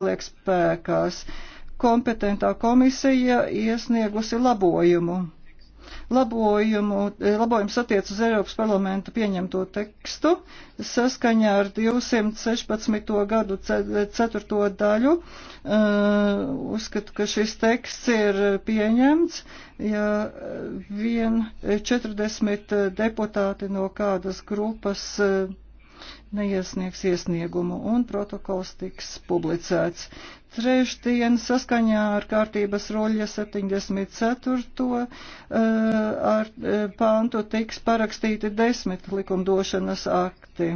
paliek spēkās. Kompetentā komisija iesniegusi labojumu. Labojumu, eh, labojums attiec uz Eiropas parlamenta pieņemto tekstu saskaņā ar 216. gadu 4. daļu. Eh, uzskatu, ka šis teksts ir pieņemts, ja vien 40 deputāti no kādas grupas eh, neiesniegs iesniegumu un protokols tiks publicēts. Trešdien saskaņā ar kārtības roļa 74. Eh, ar eh, pāntu tiks parakstīti desmit likumdošanas akti.